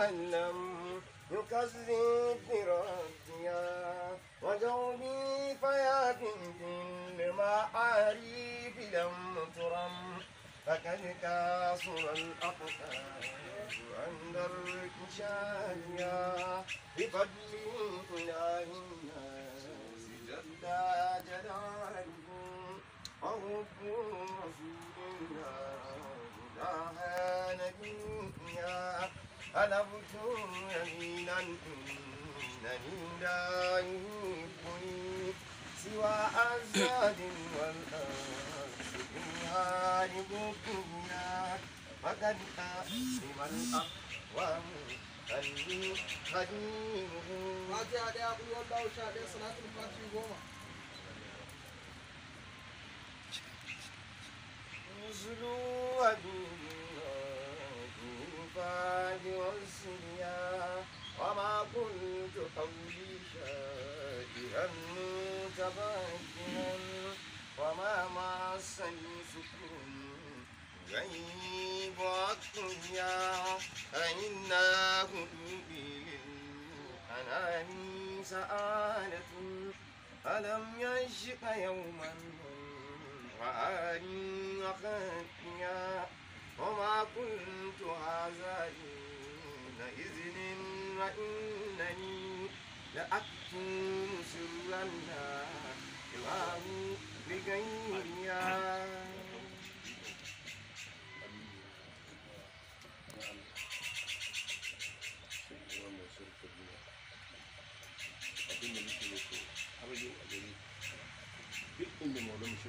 جهنم يكذب بربها وجوبي فيا بنت المعاريف لم ترم فقد كاصر الأقطاب عند الكشافيا بفضل إله الناس جل جلاله وحب رسول الله إله نبيا alabutu yaminan innani da'i kun siwa azadin wal'adun yari bukuna maganta siman akwam kalli kadimu Fati Ade Abubuwan Bawu Sha Ade Salatu Fati Goma الأطفال والصبيان وما كنت قولي شائعا متباكيا وما مع السن سكون غيب عقليا فإنه قلبي للحنان سآلة ألم يشق يوما وآلي وخطيا وما كنت عزائين إذن وإنني لأكتم سرنا إله بغيرها abin da muke nufi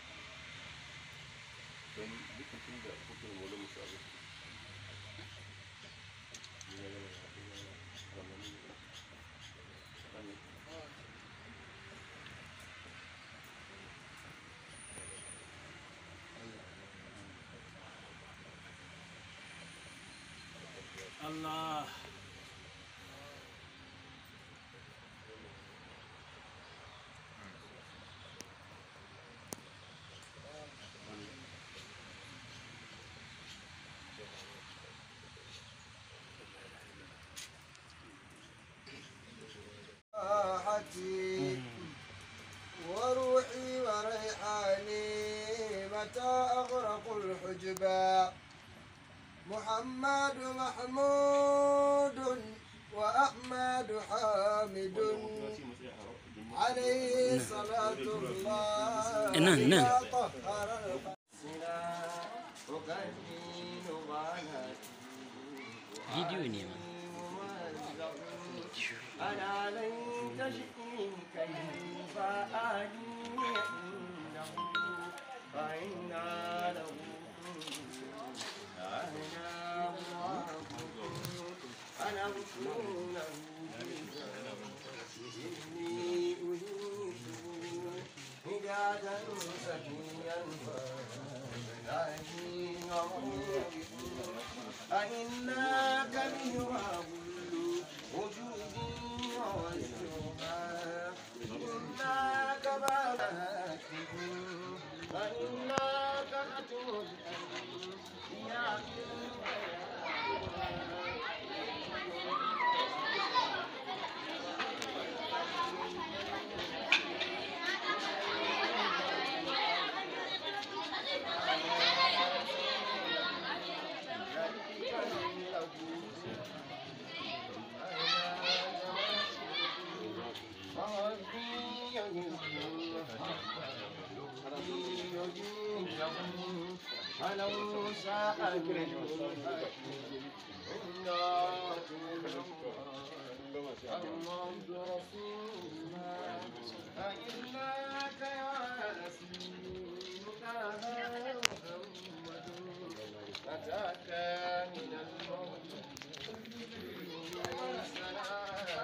dan dia kucing tak putus bola musa tu. Dia ada satu nama ni. Kami. Allah. كذبا محمد محمود وأحمد حامد عليه صلاة الله نعم نعم فيديو نيما أنا لن تجئني كيف أعني فإنا له I'm not going to be able to do that. ولو ساء محمد رسولنا فإنك يا سيدك محمد أتاك من الموت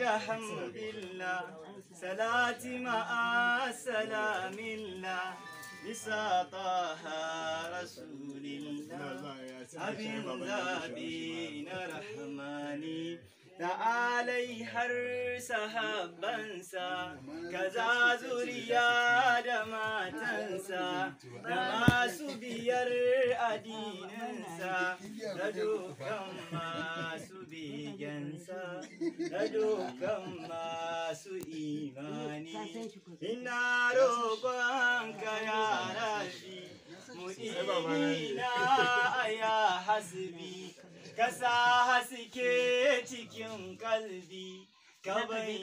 الحمد لله صلاتي مع سلام الله بساطها رسول الله حبيب الله دين رحماني alai har sahabbansa kaza zuriya da matansa da masu biyar adininsa da dukkan masu begensa da dukkan masu imani ina roƙonka ya shi, mu na ya hasbi Ƙasaha suke haske cikin kalbi ka bai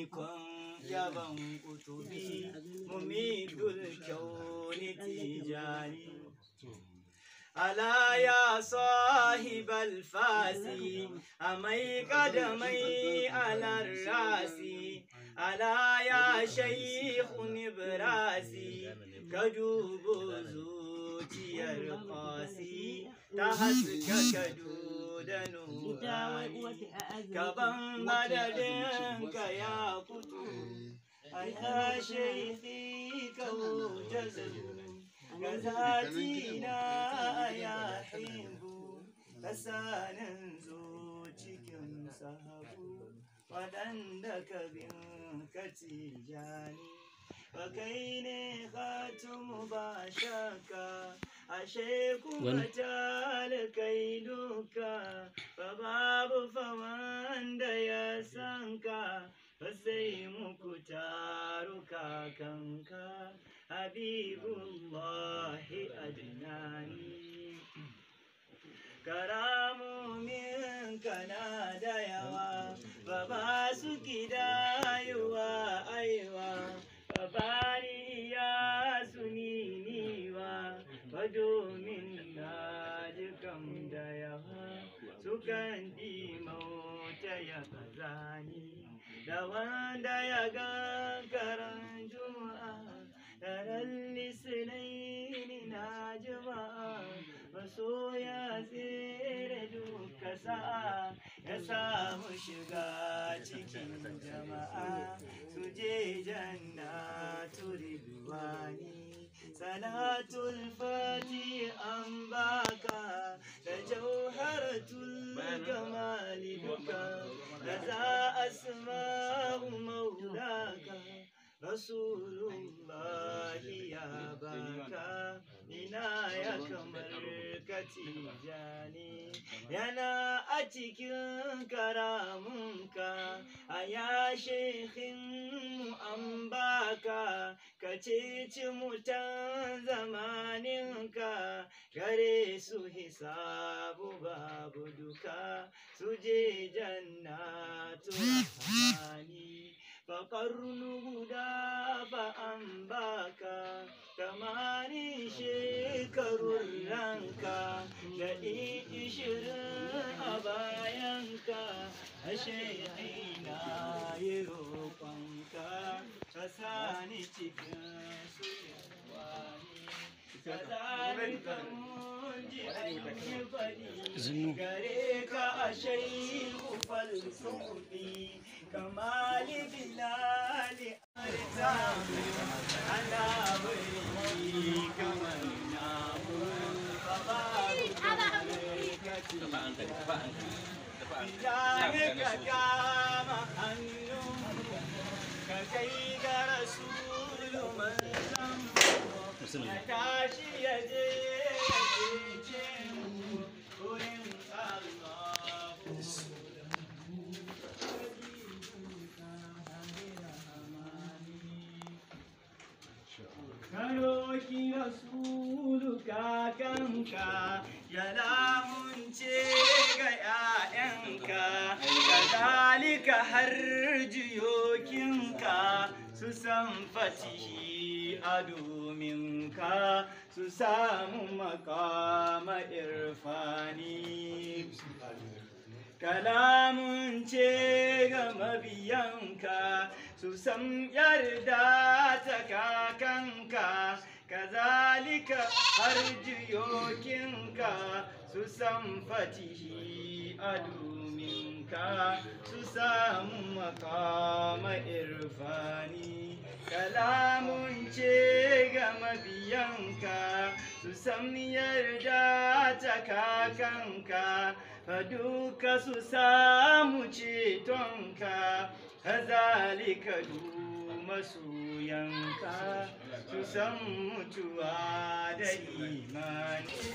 ikon yaban utubi mumi dulkyau ni tijani ala ya sahib alfasi a mai kadamai alar rasi ala ya shaihun ibrasi ka zuciyar kwasi ta hasu kado da nurani gaban madadin ka ya kutu ai ashe fi kawo ta ga zati na ya himbu kasanin zo cikin sahabu waɗanda ka bin ka tijani fa kai ne khatimu ba shaka ashe kuma ta kai duka babu faman da ya sanka. Ba sai muku taruka kanka habibullahi adnani karamomin kana da yawa ba ba su gida yiwa aiwa fari ya suniwa ba domin na ji kam da yawa sukan ɗi mauta ya kazani da wanda ya gankaran juma'a daren lisinai na juma'a maso ya tsaye sa ya samu shiga cikin jama'a su je jannatu ridwani salatul fati an baka da jauharatul kamali duka da za asma'u maulaka رسول الله ya باكا بنا يا kamar كتيجاني yana a cikin karamunka a ya shekhinmu an baka ka ceci mutan zamaninka gare su hisabu babu duka su je jannatu rahmani فقرن guda ba an ka tamanin shekarun ranka da ishirin a bayanka ashe ina yi roƙonka ka sani cikin su Zinu. Gare ka a shaihu falsufi kamali bilali arza ala wali kamana baba baba bilali kama annu ka kai ga rasul manzam nakashi yaje yaje Oh, yeah. Karoki Rasulka kanka ya lamunce ga ‘ya'yanka, kadalika har jiyokinka su san fasihi a dominka su samu makama irfani. Kalamun ce ga mabiyanka su san yarda ta kakanka kazalika har jiyokinka su san fatihi a dominka su samu makama irfani kalamun ce ga mabiyanka su san yarda ta kakanka fa duka su samu cetonka hazalika masu yanka su san mutuwa da imani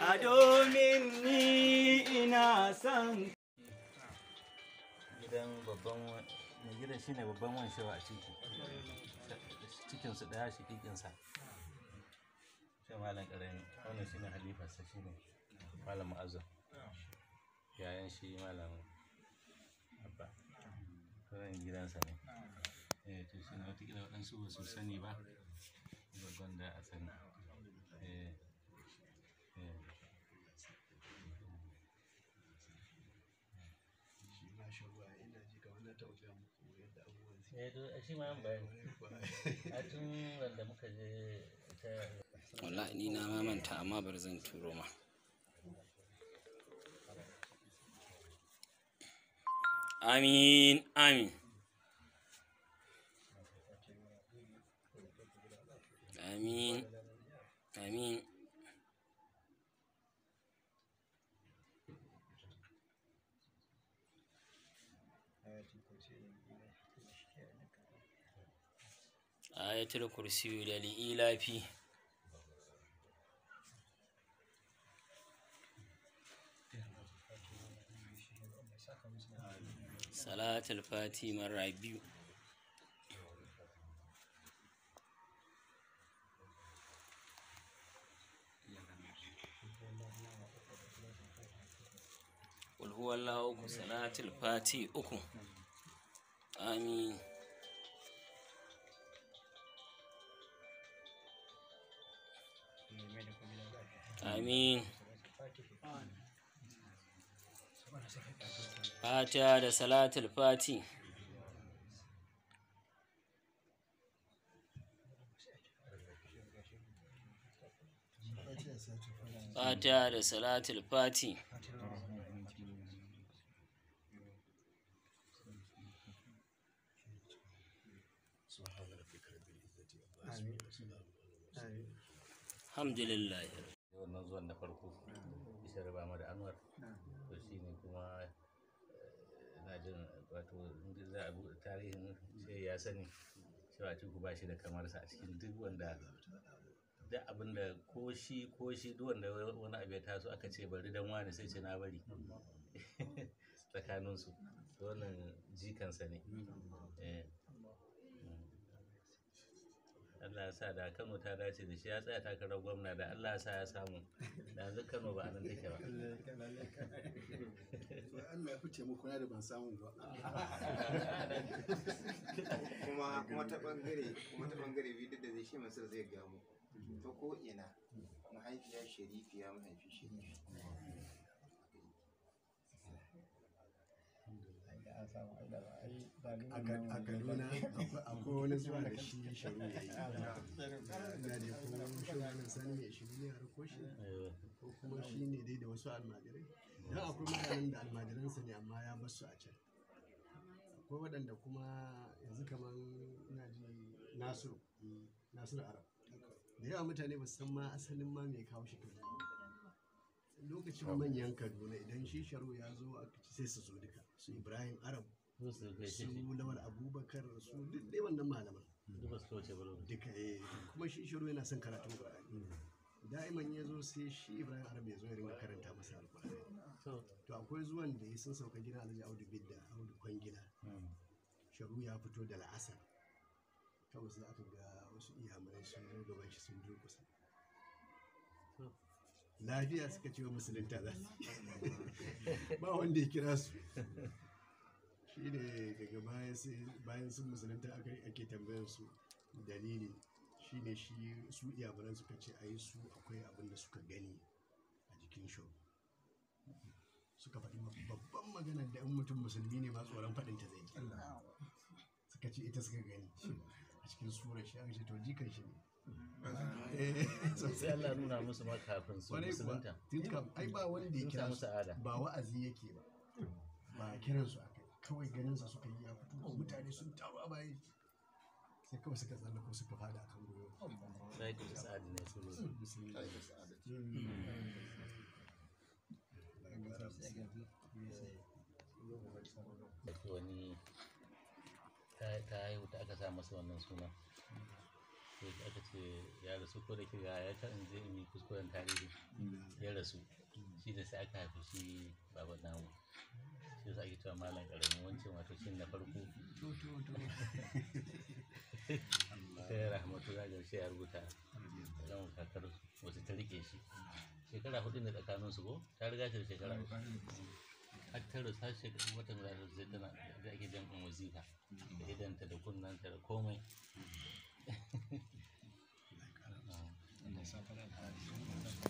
a domin ni ina son gidan babban mai gidan shi ne babban wanshewa a ciki cikinsu ɗaya shi kikinsa shi malam wannan shi ne shi ne malam ma'azin yayan shi malam abba wannan gidansa ne eh to shi ne waɗansu ba su sani ba a sani wanda muka je ta ni na mamanta amma bar zan turo ma amin amin amin amin ayatul kursiyu da li'ilafi salatul fati mara biyu ƙulhuwallahu uku salatul fati uku amin آمين فاتحة صلاة الفاتي فاتحة صلاة الفاتي الحمد لله wannan zuwan na farko bisa raba mu da anwar to shi ne kuma eh, na jin wato za a buɗe tarihin sai ya sani cewa ciku ba shi da kamarsa a cikin duk wanda duk abin da ko shi ko shi duk wanda wani abu ya taso aka ce bari dan wani sai ce na bari tsakaninsu wannan jikansa ne eh, Allah ya sa da Kano ta dace da shi ya tsaya takarar gwamna da Allah ya sa ya samu da yanzu Kano ba nan take ba Allah ya fice muku na da ban samu ba kuma kuma ta bangare kuma ta bangare bidda da zai shi masar zai gamu ta ko ina mahaifiya sharifiya mahaifi sharifi ka samu ai da ba ai ba a galona akwai wani zuwa da shi shiru ya yi na da ko shugaban sani mai shiru ne har ko shi eh. ko kuma shi ne dai da wasu almajirai don akwai mutanen da almajiransa ne amma ya basu a can akwai waɗanda kuma yanzu kamar ina ji nasu da arab da yawa mutane ba san ma asalin ma mai kawo shi kan lokacin manyan kaduna idan shi sharo ya zo a sai su zo duka su ibrahim arab su lawal abubakar su duk dai wannan malaman duka eh. kuma shi sharo yana son karatun qur'ani hmm. da'iman ya zo sai shi ibrahim arab ya zo ya rinka karanta masa alqur'ani to akwai zuwan da ya sun sauka gidan alhaji audu bidda audu kwangila hmm. sharu ya fito da la'asar kawai sai aka ga wasu iyamurai sun zo gaban shi sun durkusa lafiya suka ce wa musulunta za su ba wanda ya kira su shi ne daga bayan sun musulunta ake tambayar su dalili shi ne shi su iyamuran suka ce a yi su akwai abin da suka gani a jikin shi suka faɗi babban magana da yan mutum musulmi ne ma tsoron faɗin ta zai suka ce ita suka gani a cikin sura shi aka ce to jikan shi ne sai Allah nuna musu ma kafin su musulunta ai ba wanda ya kira ba wa'azi yake ba ba kiran su kawai ganin sa suka yi ya fito mutane sun a bayi sai kawai suka tsalla ko suka fada akan sai ne su haihu ta aka sa masa wannan suna ya rasu ko da kiga ya ta in je in yi kuskuren tarihi ya rasu shi ne sai aka haifi shi baba namu shi sa ake cewa malam karamin wancan wato shi na farko sai rahmatu za ga ya rubuta kan kakar wasu ta rike shi shekara hudu ne tsakanin su ko ta riga shi da shekara hudu har ta rasa shekaru watan da zai tana da ake jan wazifa da idanta da kunnanta da komai 三分的台。